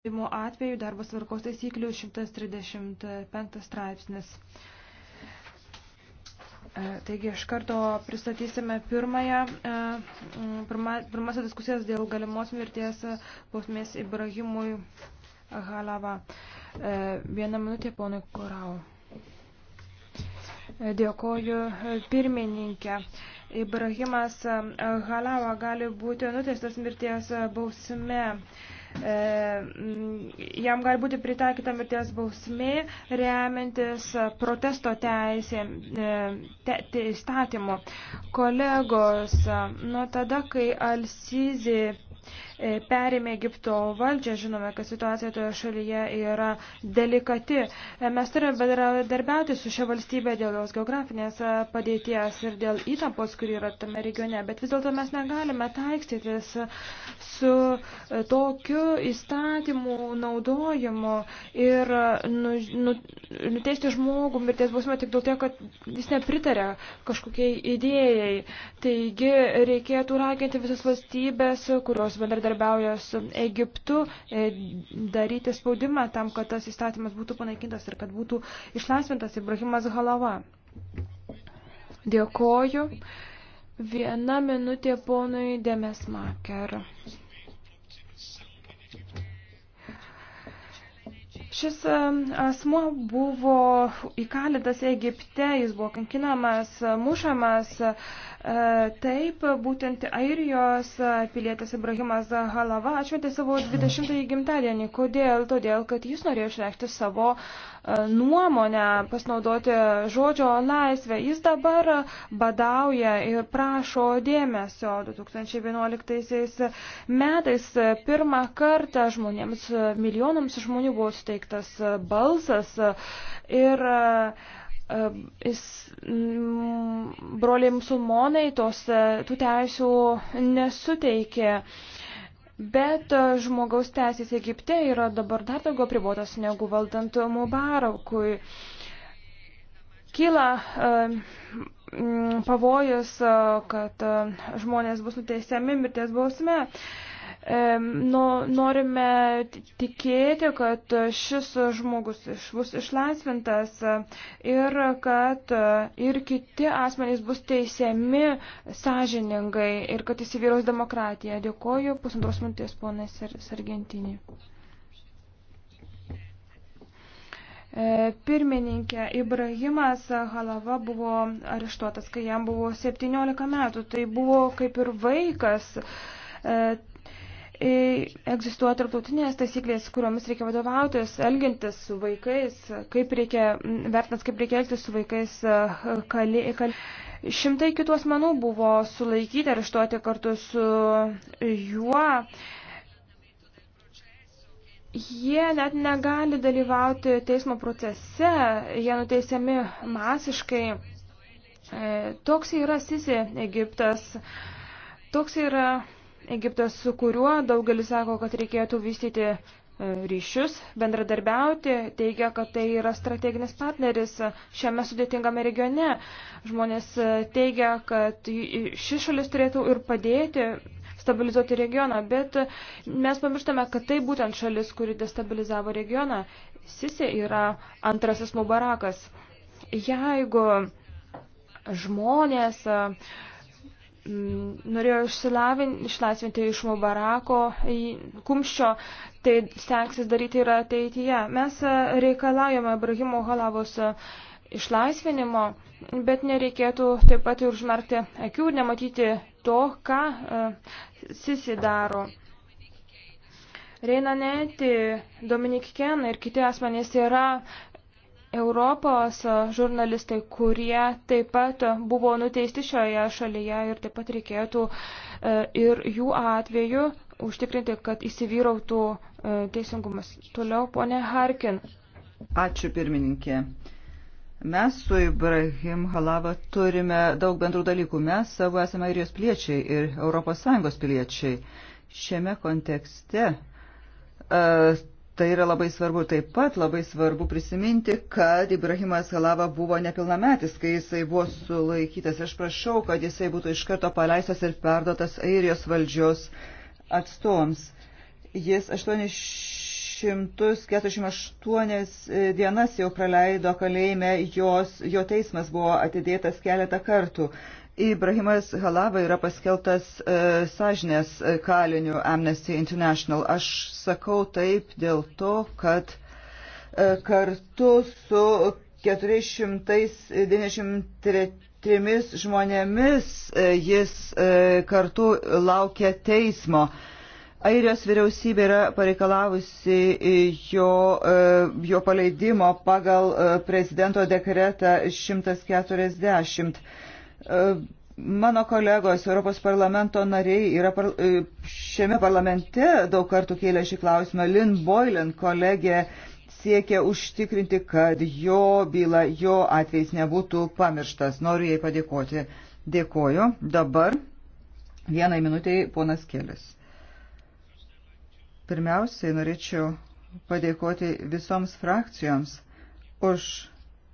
Pažeidimo atveju darbo svarkos taisyklių 135 straipsnis. E, taigi iš karto pristatysime pirmąją, e, pirma, pirmąsią diskusijas dėl galimos mirties bausmės Ibrahimui Halava. E, vieną minutę, ponui Korau. Dėkoju pirmininkė. Ibrahimas Halava gali būti nuteistas mirties bausme. E, mm, jam gali būti pritaikyta mirties bausmė, remiantis protesto teisė, e, te, te, įstatymu. Kolegos, nuo tada, kai Alsizi E, perėmė Egipto valdžią, žinome, kad situacija toje šalyje yra delikati. E, mes turime bendradarbiauti su šia valstybė dėl jos geografinės e, padėties ir dėl įtampos, kuri yra tame regione, bet vis dėlto mes negalime taikstytis su tokiu įstatymu naudojimu ir nu, nu, nuteisti žmogų mirties bausmę tik dėl to, kad jis nepritarė kažkokiai idėjai. Taigi reikėtų raginti visas valstybės, kurios bendradarbiauja bendradarbiauja su Egiptu, e, daryti spaudimą tam, kad tas įstatymas būtų panaikintas ir kad būtų išlaisvintas Ibrahimas Halava. Dėkoju. Viena minutė ponui Demesmaker. Šis e, asmo buvo įkalintas Egipte, jis buvo kankinamas, mušamas E, taip, būtent Airijos pilietis Ibrahimas Halava atšventė savo 20-ąjį gimtadienį. Kodėl? Todėl, kad jis norėjo išreikšti savo e, nuomonę, pasinaudoti žodžio laisvę. Jis dabar badauja ir prašo dėmesio. 2011 metais pirmą kartą žmonėms, milijonams žmonių buvo suteiktas balsas ir uh, Jis, broliai musulmonai tos, e, tų teisių nesuteikė. Bet e, žmogaus teisės Egipte yra dabar dar daugiau pribotas negu valdant Mubarakui. Kyla e, pavojus, kad žmonės bus nuteisiami mirties bausme. Nu, norime tikėti, kad šis žmogus bus išlaisvintas ir kad ir kiti asmenys bus teisiami sąžiningai ir kad įsivyraus demokratija. Dėkoju pusantros minties ponai Sargentinį. E, pirmininkė Ibrahimas Halava buvo areštuotas, kai jam buvo 17 metų. Tai buvo kaip ir vaikas e, egzistuoja tarptautinės taisyklės, kuriomis reikia vadovautis, elgintis su vaikais, kaip reikia, vertinant, kaip reikia elgtis su vaikais kali, kali. Šimtai kitų asmenų buvo sulaikyti, areštuoti kartu su juo. Jie net negali dalyvauti teismo procese, jie nuteisiami masiškai. E, toks yra Sisi Egiptas, toks yra Egiptas, su kuriuo daugelis sako, kad reikėtų vystyti e, ryšius, bendradarbiauti, teigia, kad tai yra strateginis partneris šiame sudėtingame regione. Žmonės e, teigia, kad ši šalis turėtų ir padėti stabilizuoti regioną, bet mes pamirštame, kad tai būtent šalis, kuri destabilizavo regioną. Sisė yra antrasis Mubarakas. Jeigu žmonės uh, Mm, norėjo išlaisvinti iš Mubarako kumščio, tai seksis daryti ir ateityje. Mes e, reikalaujame Ibrahimo Halavos e, išlaisvinimo, bet nereikėtų taip pat ir užmerkti akių ir nematyti to, ką e, Sisi daro. Reina Neti, Dominik Ken ir kiti asmenys yra Europos žurnalistai, kurie taip pat buvo nuteisti šioje šalyje ir taip pat reikėtų e, ir jų atveju užtikrinti, kad įsivyrautų e, teisingumas. Toliau, ponė Harkin. Ačiū pirmininkė. Mes su Ibrahim Halava turime daug bendrų dalykų. Mes savo esame airijos piliečiai ir ES piliečiai. Šiame kontekste uh, Tai yra labai svarbu. Taip pat labai svarbu prisiminti, kad Ibrahimas Halava buvo nepilnametis, kai jisai buvo sulaikytas. Aš prašau, kad jisai būtų iš karto paleistas ir perdotas airijos valdžios atstovams. Jis 848 dienas jau praleido kalėjime, jos, jo teismas buvo atidėtas keletą kartų. Ibrahimas Halava yra paskeltas e, sąžinės e, kaliniu Amnesty International. Aš sakau taip dėl to, kad e, kartu su 493 žmonėmis e, jis e, kartu laukia teismo. Airijos vyriausybė yra pareikalavusi jo, e, jo paleidimo pagal e, prezidento dekretą 140. E, mano kolegos Europos parlamento nariai yra par, e, šiame parlamente daug kartų kėlė šį klausimą. Lynn Boylan kolegė siekia užtikrinti, kad jo byla, jo atvejs nebūtų pamirštas. Noriu jai padėkoti. Dėkoju. Dabar vienai minutiai ponas Kelis. Pirmiausiai norėčiau padėkoti visoms frakcijoms už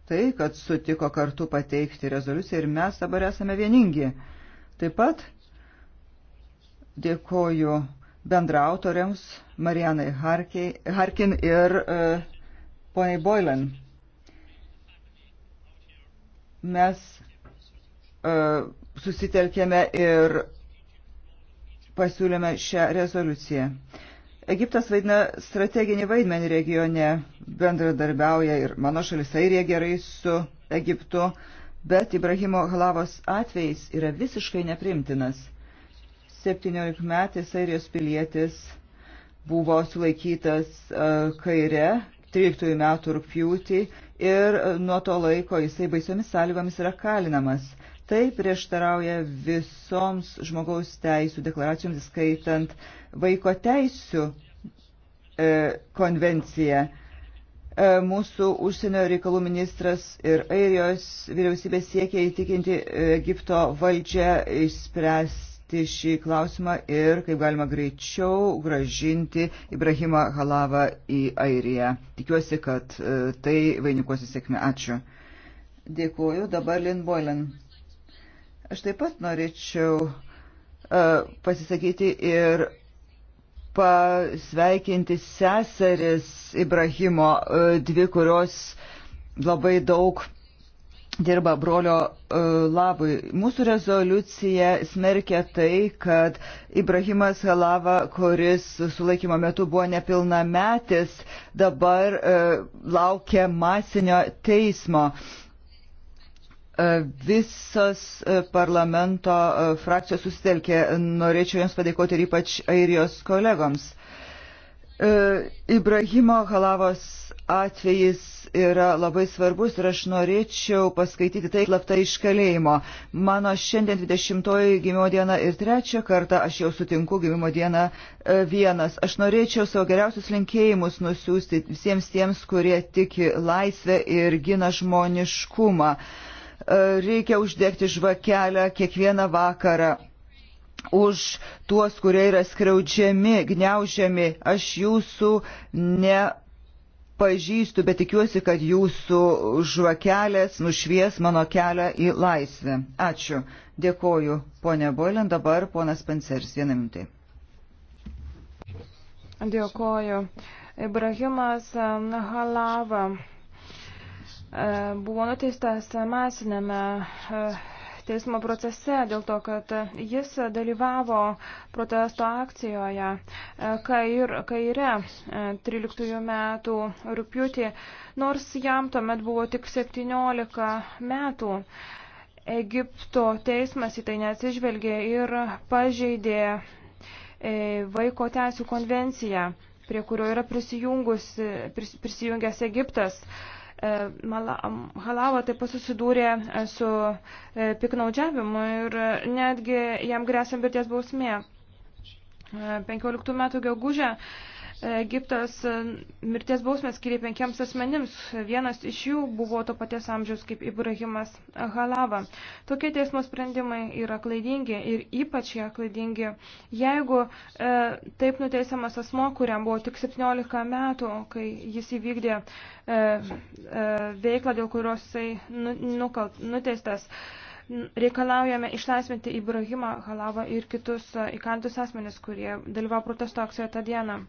tai, kad sutiko kartu pateikti rezoliuciją ir mes dabar esame vieningi. Taip pat dėkoju bendraautoriams Marijanai Harkin ir uh, poniai Boylan. Mes uh, susitelkėme ir pasiūlėme šią rezoliuciją. Uh, Egiptas vaidina strateginį vaidmenį regione, bendradarbiauja ir mano šalis Airija gerai su Egiptu, bet Ibrahimo Halavos atvejs yra visiškai neprimtinas. 17 metais Airijos pilietis buvo sulaikytas e, kaire 13 metų rūpjūtį ir e, nuo to laiko jisai baisiomis sąlygomis yra kalinamas. Tai prieštarauja visoms žmogaus teisų deklaracijoms, skaitant vaiko teisų e, konvenciją. E, mūsų užsienio reikalų ministras ir Airijos vyriausybė siekia įtikinti e, Egipto valdžią išspręsti šį klausimą ir kaip galima greičiau gražinti Ibrahimą Halavą į Airiją. Tikiuosi, kad e, tai vainikuosi sėkmė. Ačiū. Dėkuoju. Dabar Lin Boylan. Aš taip pat norėčiau e, pasisakyti ir pasveikinti seseris Ibrahimo, e, dvi kurios labai daug dirba brolio e, labui. Mūsų rezoliucija smerkia tai, kad Ibrahimas Halava, kuris sulaikymo metu buvo nepilnametis, dabar laukia masinio teismo Visos e, parlamento e, frakcijos susitelkė. Norėčiau Jums padėkoti ir ypač airijos kolegoms. E, Ibrahimo Halavos atvejis yra labai svarbus ir aš norėčiau paskaityti tai slapta iš kalėjimo. Mano šiandien 20-oji gimimo diena ir trečią kartą aš jau sutinku gimimo dieną vienas. Aš norėčiau savo geriausius linkėjimus nusiųsti visiems tiems, kurie tiki laisvę ir gina žmoniškumą. Uh, reikia uždegti žvakelę kiekvieną vakarą už tuos, kurie yra skriaudžiami, gniaužiami. Aš jūsų nepažįstu, bet tikiuosi, kad jūsų žvakelės nušvies mano kelią į laisvę. Ačiū. Dėkoju, ponė Boilin. Dabar ponas Pansers. Vieną minutę. Dėkoju. Ibrahimas Halava E, buvo nuteistas masinėme e, teismo procese dėl to, kad jis dalyvavo protesto akcijoje e, kair, kaire 13 metų rūpjūtį, nors jam tuomet buvo tik 17 metų. Egipto teismas į tai neatsižvelgė ir pažeidė vaiko teisų konvenciją, prie kurio yra prisijungęs Egiptas. E, Halava taip pat susidūrė e, su e, piknaudžiavimu ir netgi jam grėsia mirties bausmė. 15 metų gegužę Egiptas e, mirties bausmę skyrė penkiems asmenims. Vienas iš jų buvo to paties amžiaus kaip Ibrahimas Halava. Tokie teismo sprendimai yra klaidingi ir ypač jie klaidingi, jeigu e, taip nuteisiamas asmo, kuriam buvo tik 17 metų, kai jis įvykdė e, e, veiklą, dėl kurios jisai nu, nukalt, nuteistas. Reikalaujame išlaisvinti Ibrahimą Halavą ir kitus e, įkantus asmenis, kurie dalyvavo protesto akcijoje tą dieną.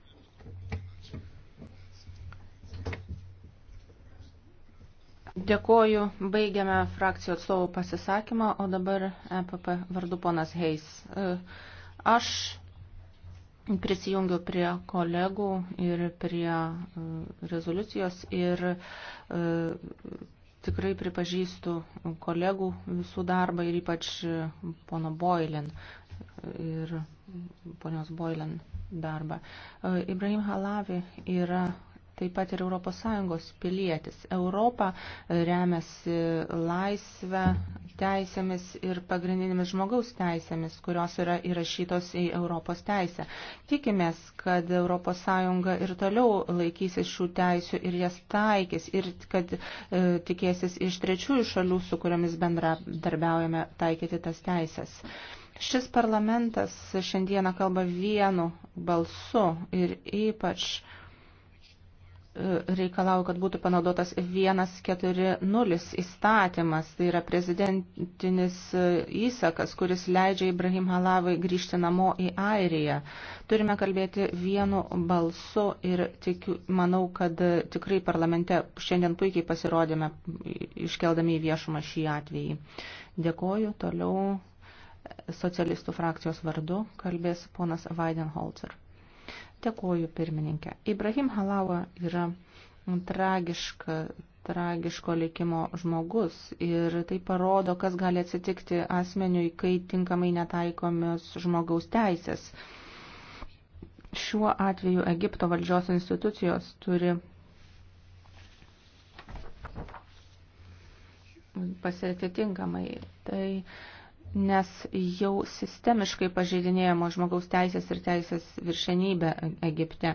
Dėkoju, baigiame frakcijų atstovų pasisakymą, o dabar EPP vardu ponas Heis. E, aš prisijungiu prie kolegų ir prie e, rezoliucijos ir e, tikrai pripažįstu kolegų visų darbą ir ypač pono Boilin ir ponios Boilin darbą. Ibrahim Halavi yra taip pat ir ES pilietis. Europa remiasi laisvę, teisėmis ir pagrindinėmis žmogaus teisėmis, kurios yra įrašytos į Europos teisę. Tikimės, kad ES ir toliau laikysis šių teisių ir jas taikys ir kad e, tikėsis iš trečiųjų šalių, su kuriomis bendradarbiaujame taikyti tas teisės. Šis parlamentas šiandieną kalba vienu balsu ir ypač reikalauju, kad būtų panaudotas 140 įstatymas, tai yra prezidentinis e, įsakas, kuris leidžia Ibrahim Halavai grįžti namo į Airiją. Turime kalbėti vienu balsu ir tikiu, manau, kad e, tikrai parlamente šiandien puikiai pasirodėme iškeldami į viešumą šį atvejį. Dėkoju, toliau e, socialistų frakcijos vardu kalbės ponas Weidenholzer. Dėkuoju pirmininkė. Ibrahim Halawa yra tragiška, tragiško likimo žmogus ir tai parodo, kas gali atsitikti asmeniui, kai tinkamai netaikomios žmogaus teisės. Šiuo atveju Egipto valdžios institucijos turi pasirti tinkamai. Tai uh, nes jau sistemiškai pažeidinėjamos žmogaus teisės ir teisės viršenybė Egipte.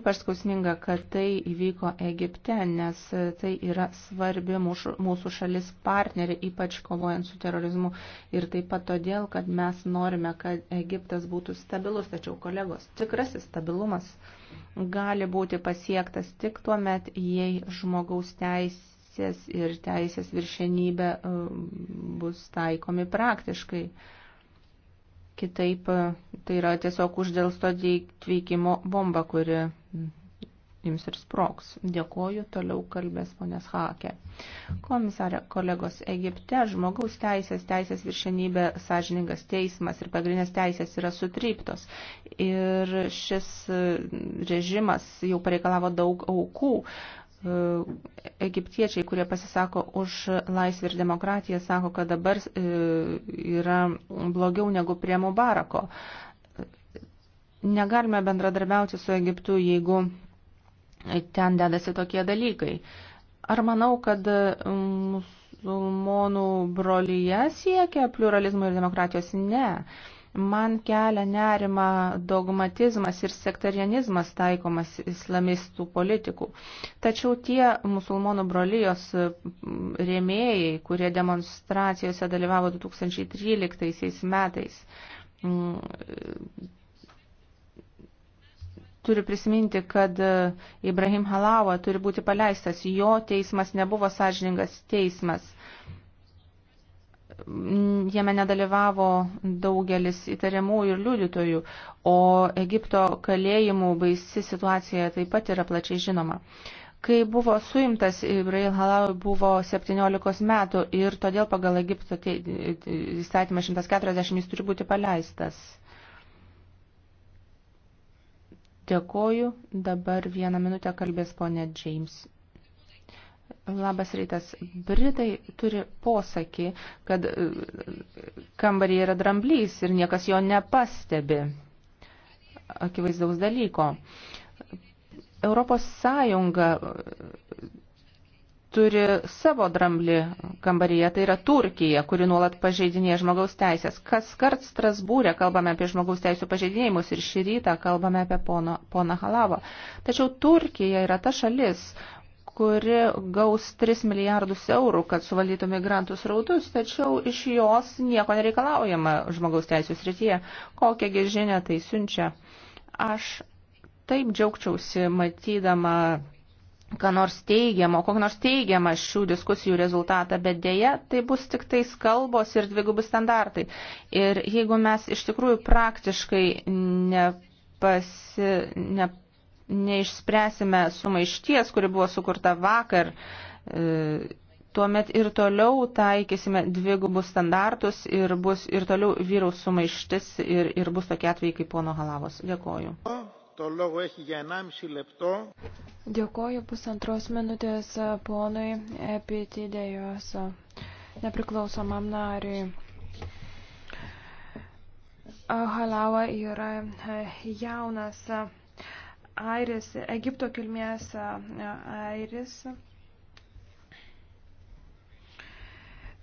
Ypač skausminga, kad tai įvyko Egipte, nes tai yra svarbi mūsų šalis partneri, ypač kovojant su terorizmu. Ir taip pat todėl, kad mes norime, kad Egiptas būtų stabilus, tačiau kolegos, tikrasis stabilumas gali būti pasiektas tik tuo met, jei žmogaus teisės teisės ir teisės viršenybė e, bus taikomi praktiškai. Kitaip e, tai yra tiesiog uždėlsto veikimo bomba, kuri jums ir sproks. Dėkoju, toliau kalbės ponės Hakė. Komisarė, kolegos, Egipte žmogaus teisės, teisės viršenybė, sąžiningas teismas ir pagrindinės teisės yra sutryptos. Ir šis e, režimas jau pareikalavo daug aukų. Uh, E, egiptiečiai, kurie pasisako už laisvę ir demokratiją, sako, kad dabar e, yra blogiau negu prie Mubarako. Negalime bendradarbiauti su Egiptu, jeigu ten dedasi tokie dalykai. Ar manau, kad e, musulmonų brolyje siekia pluralizmo ir demokratijos? Ne. Man kelia nerima dogmatizmas ir sektarianizmas taikomas islamistų politikų. Tačiau tie musulmonų brolijos rėmėjai, kurie demonstracijose dalyvavo 2013 metais, turi prisiminti, kad Ibrahim Halawa turi būti paleistas. Jo teismas nebuvo sąžiningas teismas. Mm, jame nedalyvavo daugelis įtariamų ir liudytojų, o Egipto kalėjimų baisi situacija taip pat yra plačiai žinoma. Kai buvo suimtas, Ibrahim Halawi buvo 17 metų ir todėl pagal Egipto įstatymą 140 jis turi būti paleistas. Dėkoju. Dabar vieną minutę kalbės ponė James. Labas rytas. Britai turi posakį, kad e, kambarį yra dramblys ir niekas jo nepastebi. Akivaizdaus dalyko. Europos Sąjunga e, turi savo dramblį kambaryje, tai yra Turkija, kuri nuolat pažeidinėja žmogaus teisės. Kas kart Strasbūrė kalbame apie žmogaus teisų pažeidinėjimus ir šį rytą kalbame apie pono, poną Halavą. Tačiau Turkija yra ta šalis, kuri gaus 3 milijardus eurų, kad suvaldytų migrantų srautus, tačiau iš jos nieko nereikalaujama žmogaus teisų srityje. Kokią žinę tai siunčia? Aš taip džiaugčiausi matydama ką nors teigiamo, kokį nors teigiamą šių diskusijų rezultatą, bet dėja, tai bus tik tais kalbos ir dvigubi standartai. Ir jeigu mes iš tikrųjų praktiškai nepasi, ne, neišspręsime sumaišties, kuri buvo sukurta vakar, e, tuomet ir toliau taikysime dvigubus standartus ir bus ir toliau vyraus sumaištis ir, ir bus tokie atvejai kaip pono Halavos. Dėkoju. Dėkoju pusantros minutės e, ponui Epitidėjos e, nepriklausomam nariui. Halawa yra jaunas airis, Egipto kilmės e, airis.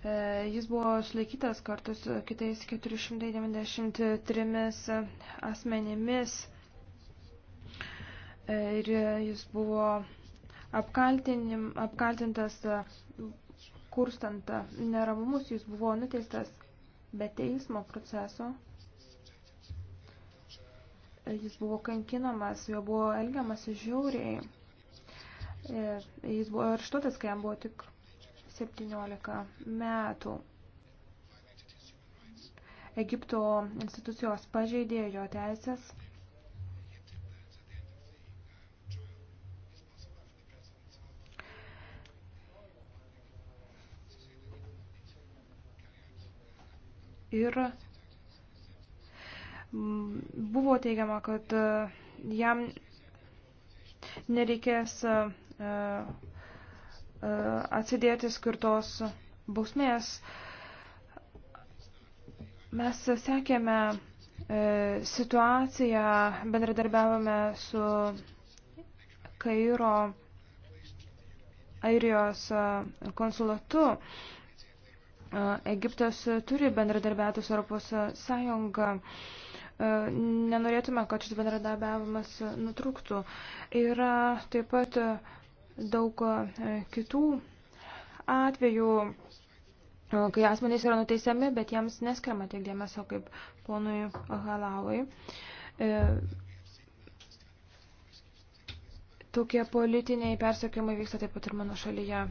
E, jis buvo sulaikytas kartu su kitais 493 asmenimis e, ir jis buvo apkaltintas kurstant neramumus, jis buvo nuteistas be teismo proceso Jis buvo kankinamas, jo buvo elgiamasi žiauriai. E, jis buvo arštuotas, kai jam buvo tik 17 metų. Egipto institucijos pažeidė jo teisės. Ir Mm, buvo teigiama, kad e, jam nereikės e, e, atsidėti skirtos bausmės. Mes sekėme situaciją, bendradarbiavome su Kairo Airijos konsulatu. Egiptas turi bendradarbiauti su Europos Sąjunga. E, nenorėtume, kad šis bendradarbiavimas nutrūktų. Yra taip pat daug e, kitų atvejų, e, kai asmenys yra nuteisiami, bet jiems neskiriama tiek dėmesio kaip ponui Halavai. Tokie politiniai persekiojimai vyksta taip pat ir mano šalyje.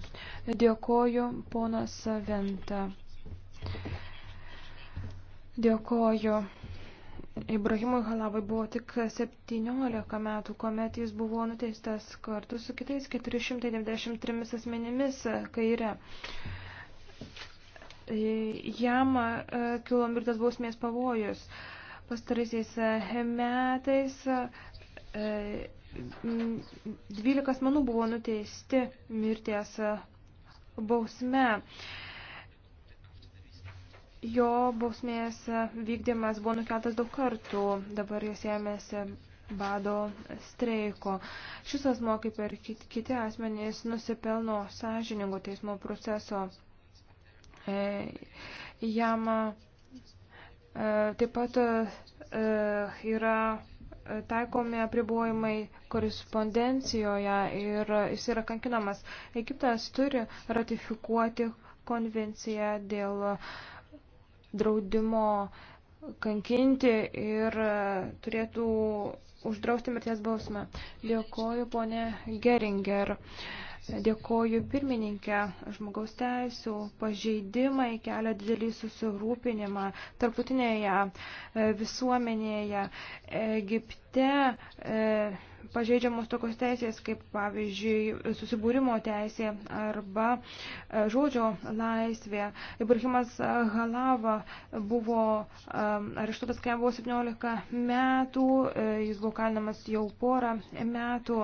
Dėkoju, ponas Venta. Dėkoju. Ibrahimui Halavai buvo tik 17 metų, kuomet jis buvo nuteistas kartu su kitais 493 asmenimis kaire. Jam e, kilo mirtas bausmės pavojus. Pastaraisiais e, metais 12 e, asmenų buvo nuteisti mirties bausme. Jo bausmės vykdymas buvo nukeltas daug kartų, dabar jis ėmėsi bado streiko. Šis asmo, kaip ir kiti asmenys, nusipelno sąžiningo teismo proceso. E, jam e, taip pat e, yra taikomi apribojimai korespondencijoje ir jis yra kankinamas. Egiptas turi ratifikuoti konvenciją dėl e, draudimo kankinti ir e, turėtų uždrausti mirties bausmę. Dėkoju, ponė Geringer. Dėkoju pirmininkė, žmogaus teisų pažeidimai kelia didelį susirūpinimą tarptautinėje e, visuomenėje Egipte. E, pažeidžiamos tokios teisės, kaip pavyzdžiui susibūrimo teisė arba e, žodžio laisvė. Ibrahimas Halava buvo e, areštuotas, kai buvo 17 metų, e, jis buvo kalinamas jau porą metų.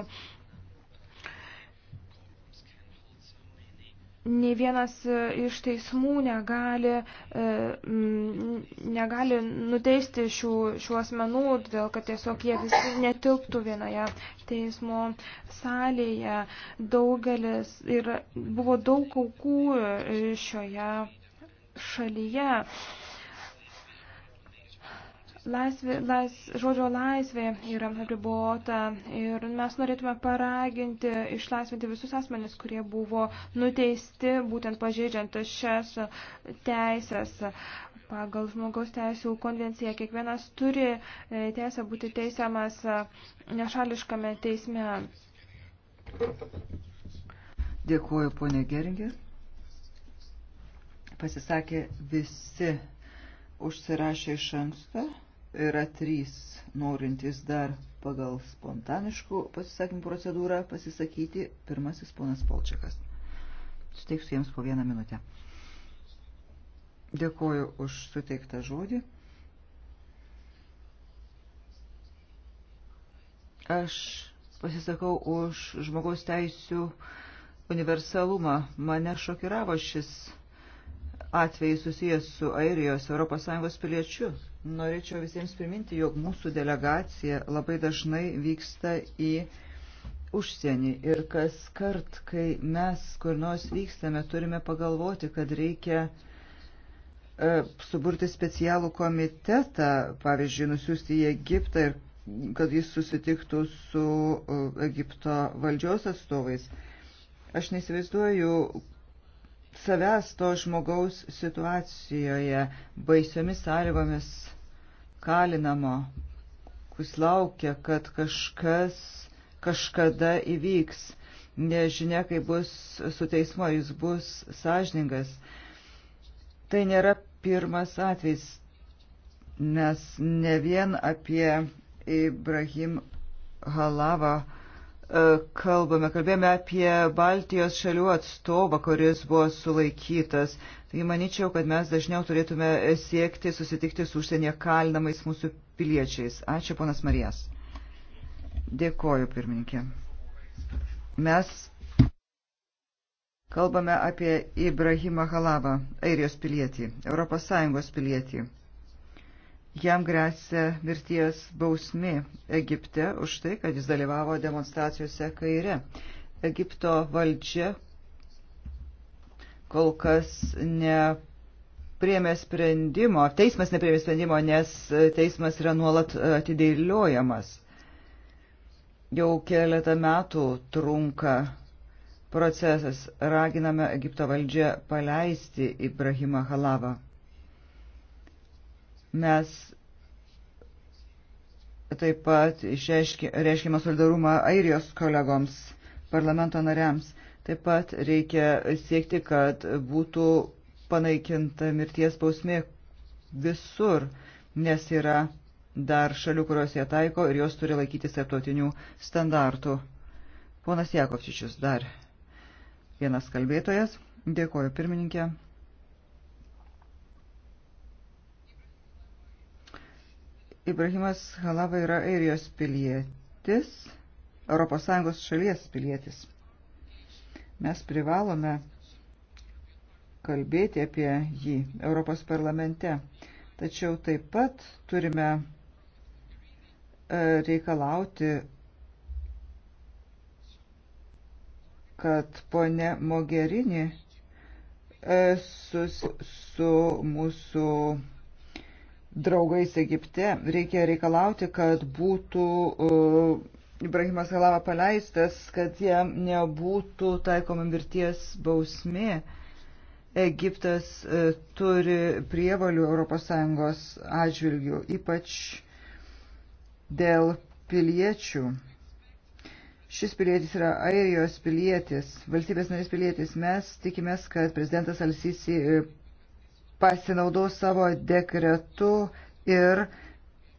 nei vienas e, iš teismų negali, e, negali nuteisti šių, šių asmenų, dėl kad tiesiog jie visi netilptų vienoje teismo salėje. Daugelis ir buvo daug aukų e, šioje šalyje. Laisvė, lais, žodžio laisvė yra ribota ir mes norėtume paraginti, išlaisvinti visus asmenis, kurie buvo nuteisti, būtent pažeidžiant šias teisės. Pagal žmogaus teisų konvenciją kiekvienas turi e, teisę būti teisiamas e, nešališkame teisme. Dėkuoju, ponė Geringė. Pasisakė visi užsirašė iš anksto. Yra trys norintys dar pagal spontaniškų pasisakymų procedūrą pasisakyti. Pirmasis ponas Polčiakas. Suteiksiu jiems po vieną minutę. Dėkoju už suteiktą žodį. Aš pasisakau už žmogaus teisių universalumą. Mane šokiravo šis atvejai susijęs su Airijos ES piliečiu. Norėčiau visiems priminti, jog mūsų delegacija labai dažnai vyksta į užsienį ir kas kart, kai mes kur nors vykstame, turime pagalvoti, kad reikia e, suburti specialų komitetą, pavyzdžiui, nusiųsti į Egiptą ir kad jis susitiktų su e, Egipto valdžios atstovais. Aš neįsivaizduoju savęs to žmogaus situacijoje, baisiomis sąlygomis kalinamo, kuris laukia, kad kažkas kažkada įvyks. Nežinia, kai bus su teismo, jis bus sąžiningas. Tai nėra pirmas atvejs, nes ne vien apie Ibrahim Halavą E, kalbame, kalbėjome apie Baltijos šalių atstovą, kuris buvo sulaikytas. Taigi manyčiau, kad mes dažniau turėtume siekti susitikti su užsienyje kalinamais mūsų piliečiais. Ačiū, ponas Marijas. Dėkoju, pirmininkė. Mes kalbame apie Ibrahimą Halavą, Airijos pilietį, ES pilietį. Jam grėsia mirties bausmi Egipte už tai, kad jis dalyvavo demonstracijose kaire. Egipto valdžia kol kas nepriemė sprendimo, teismas nepriemė sprendimo, nes teismas yra nuolat atidėliojamas. Jau keletą metų trunka procesas. Raginame Egipto valdžią paleisti Ibrahimą Halavą. Mes taip pat reiškime solidarumą Airijos kolegoms, parlamento nariams. Taip pat reikia siekti, kad būtų panaikinta mirties bausmė visur, nes yra dar šalių, kurios jie taiko ir jos turi laikytis tarptautinių standartų. Ponas Jakovčičius dar vienas kalbėtojas. Dėkoju pirmininkė. Ibrahimas Halava yra Airijos pilietis, ES šalies pilietis. Mes privalome kalbėti apie jį Europos parlamente, tačiau taip pat turime e, reikalauti, kad ponė Mogerini e, su, su mūsų draugais Egipte. Reikia reikalauti, kad būtų e, Ibrahimas Halava paleistas, kad jam nebūtų taikoma mirties bausmė. Egiptas e, turi prievalių ES atžvilgių, ypač dėl piliečių. Šis pilietis yra Airijos pilietis, valstybės narės pilietis. Mes tikimės, kad prezidentas Alsisi e, pasinaudos savo dekretu ir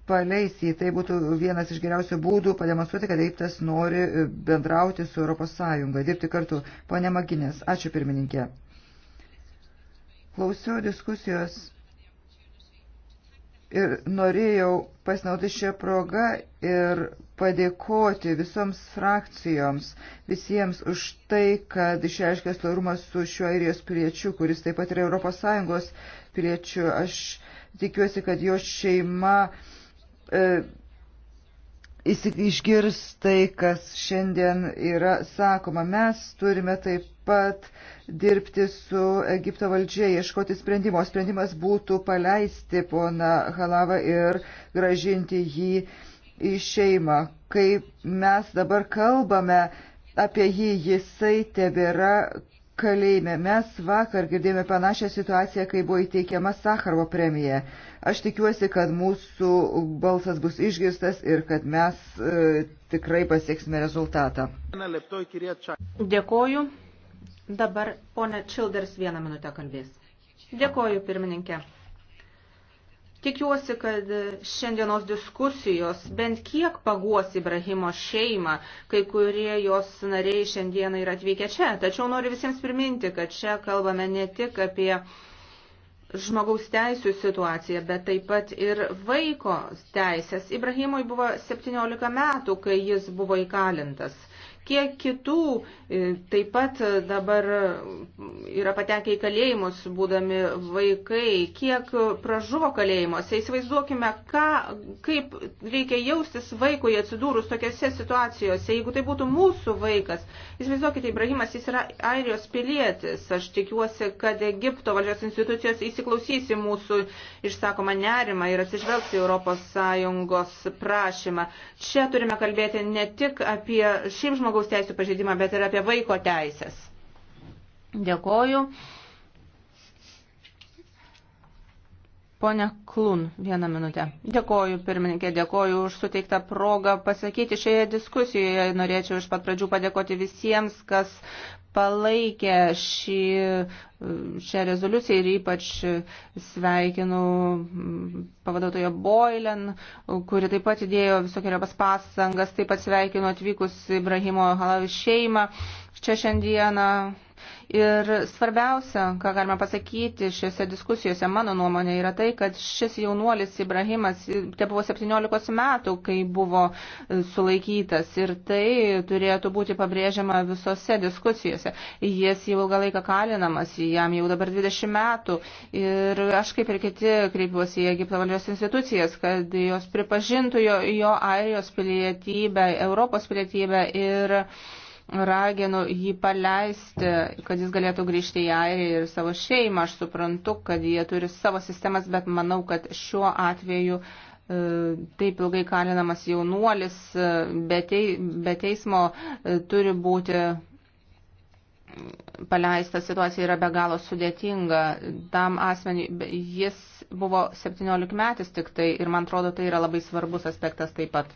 paleis jį. Tai būtų vienas iš geriausių būdų pademonstruoti, kad Egiptas nori bendrauti su ES, dirbti kartu. Pone Maginės, ačiū pirmininkė. Klausiau diskusijos ir norėjau pasinaudoti šią progą ir padėkoti visoms frakcijoms, visiems už tai, kad išreiškė solidarumą su šiuo airijos piliečiu, kuris taip pat yra ES piliečiu. Aš tikiuosi, kad jo šeima e, išgirs tai, kas šiandien yra sakoma. Mes turime taip pat dirbti su Egipto valdžia, ieškoti sprendimo. Sprendimas būtų paleisti poną Halavą ir gražinti jį į šeimą. Kai mes dabar kalbame apie jį, jisai tebėra kalėjime. Mes vakar girdėjome panašią situaciją, kai buvo įteikiama Sakarovo premija. Aš tikiuosi, kad mūsų balsas bus išgirstas ir kad mes e, tikrai pasieksime rezultatą. Dėkoju. Dabar ponia Čilders vieną minutę kalbės. Dėkoju, pirmininkė. Tikiuosi, kad šiandienos diskusijos bent kiek paguos Ibrahimo šeimą, kai kurie jos nariai šiandieną yra atvykę čia. Tačiau noriu visiems priminti, kad čia kalbame ne tik apie žmogaus teisų situaciją, bet taip pat ir vaiko teisės. Ibrahimui buvo 17 metų, kai jis buvo įkalintas kiek kitų e, taip pat e, dabar e, yra patekę į kalėjimus, būdami vaikai, kiek pražuvo kalėjimuose. Įsivaizduokime, ką, kaip reikia jaustis vaikui atsidūrus tokiose situacijose, jeigu tai būtų mūsų vaikas. Įsivaizduokite, Ibrahimas, jis yra airijos pilietis. Aš tikiuosi, kad Egipto valdžios institucijos įsiklausys į mūsų išsakomą nerimą ir atsižvelgs į Europos Sąjungos prašymą. Čia turime kalbėti ne tik apie šiaip žmogus, žmogaus teisų pažeidimą, bet ir apie vaiko teisės. Dėkoju. Pone Klun, vieną minutę. Dėkoju, pirmininkė, dėkoju už suteiktą progą pasakyti šioje diskusijoje. Norėčiau iš pat pradžių padėkoti visiems, kas palaikė šį, šią rezoliuciją ir ypač sveikinu pavaduotojo Boilen, kuri taip pat įdėjo visokiojopas pasangas, taip pat sveikinu atvykus Ibrahimo Halavi šeimą čia šiandieną Ir svarbiausia, ką galima pasakyti šiuose diskusijose, mano nuomonė, yra tai, kad šis jaunuolis Ibrahimas, te tai buvo 17 metų, kai buvo e, sulaikytas. Ir tai turėtų būti pabrėžiama visose diskusijose. Jis jau ilgą laiką kalinamas, jam jau dabar 20 metų. Ir aš kaip ir kiti kreipiuosi į Egipto valdžios institucijas, kad jos pripažintų jo, jo airijos pilietybę, Europos pilietybę ir raginu jį paleisti, kad jis galėtų grįžti į Airiją ir savo šeimą. Aš suprantu, kad jie turi savo sistemas, bet manau, kad šiuo atveju e, taip ilgai kalinamas jaunuolis e, be teismo e, turi būti paleista situacija yra be galo sudėtinga. Tam asmeniui, jis buvo 17 metis tik tai ir man atrodo tai yra labai svarbus aspektas taip pat.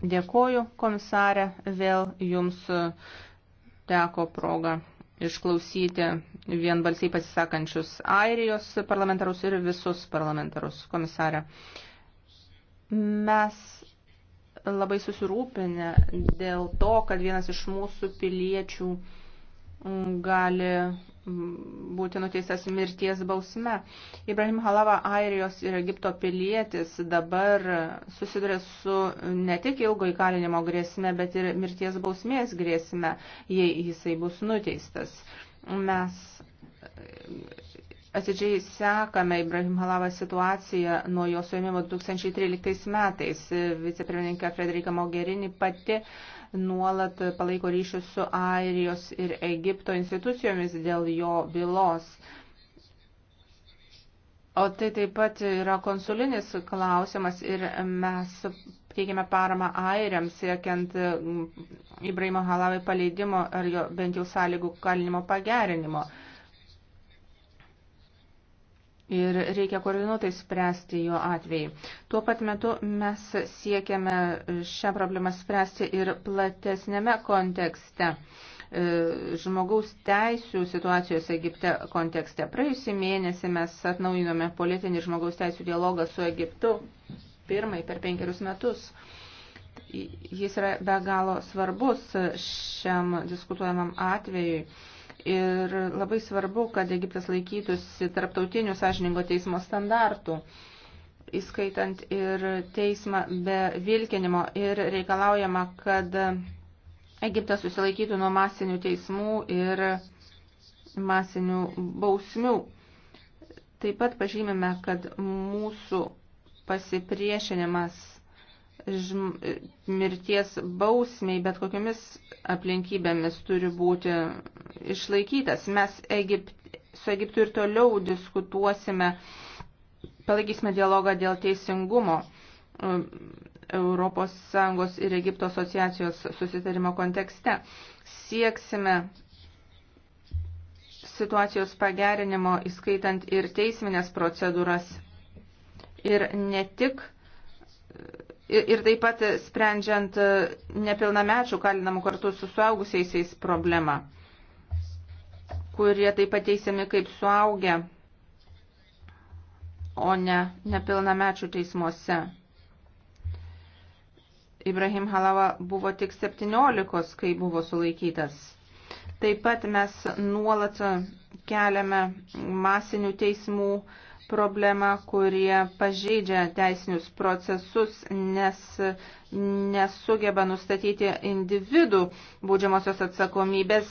Dėkoju, komisarė, vėl jums e, teko proga išklausyti vienbalsiai pasisakančius Airijos parlamentarus ir visus parlamentarus, komisarė. Mes labai susirūpinę dėl to, kad vienas iš mūsų piliečių gali būti nuteistas mirties bausme. Ibrahim Halava, Airijos ir Egipto pilietis, dabar susiduria su ne tik ilgo įkalinimo grėsme, bet ir mirties bausmės grėsme, jei jisai bus nuteistas. Mes atidžiai sekame Ibrahim Halavą situaciją nuo jo suėmimo 2013 metais. Vicepirmininkė Frederika Mogherini pati nuolat palaiko ryšius su Airijos ir Egipto institucijomis dėl jo bylos. O tai taip pat yra konsulinis klausimas ir mes teikiame paramą airiams, siekiant mm, Ibrahimo Halavai paleidimo ar jo bent jau sąlygų kalinimo pagerinimo ir reikia koordinuotai spręsti jo atvejį. Tuo pat metu mes siekiame šią problemą spręsti ir platesnėme kontekste e, žmogaus teisų situacijos Egipte kontekste. Praėjusį mėnesį mes atnaujinome politinį žmogaus teisų dialogą su Egiptu pirmai per penkerius metus. Jis yra be galo svarbus šiam diskutuojamam atvejui Ir labai svarbu, kad Egiptas laikytųsi tarptautinių sąžiningo teismo standartų, įskaitant ir teismą be vilkinimo. Ir reikalaujama, kad Egiptas susilaikytų nuo masinių teismų ir masinių bausmių. Taip pat pažymime, kad mūsų pasipriešinimas žm, mirties bausmiai, bet kokiomis aplinkybėmis turi būti išlaikytas. Mes Egipt, su Egiptu ir toliau diskutuosime, palaikysime dialogą dėl teisingumo. Um, ES ir Egipto asociacijos susitarimo kontekste. Sieksime situacijos pagerinimo, įskaitant ir teisminės procedūras. Ir ne tik ir taip pat sprendžiant nepilnamečių kalinamų kartu su suaugusiaisiais problemą, kurie taip pat teisiami kaip suaugę, o ne nepilnamečių teismuose. Ibrahim Halava buvo tik 17, kai buvo sulaikytas. Taip pat mes nuolat keliame masinių teismų uh, problemą, kurie pažeidžia teisinius procesus, nes nesugeba nustatyti individų būdžiamosios atsakomybės.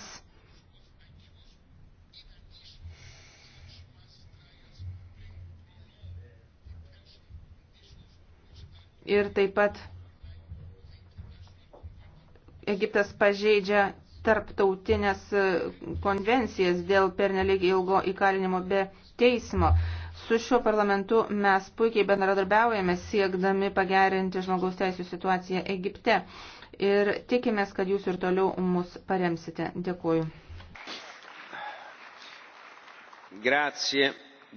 Ir taip pat Egiptas pažeidžia tarptautinės konvencijas dėl pernelyg ilgo įkalinimo be teismo. Su šiuo parlamentu mes puikiai bendradarbiaujame siekdami pagerinti žmogaus teisų situaciją Egipte ir tikimės, kad jūs ir toliau mus paremsite. Dėkuoju. Grazie.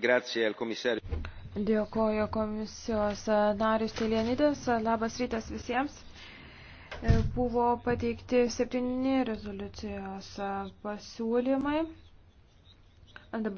Grazie al komisario. Dėkoju komisijos narius Telienidės. Labas rytas visiems. Buvo pateikti septyni rezoliucijos pasiūlymai. Dabar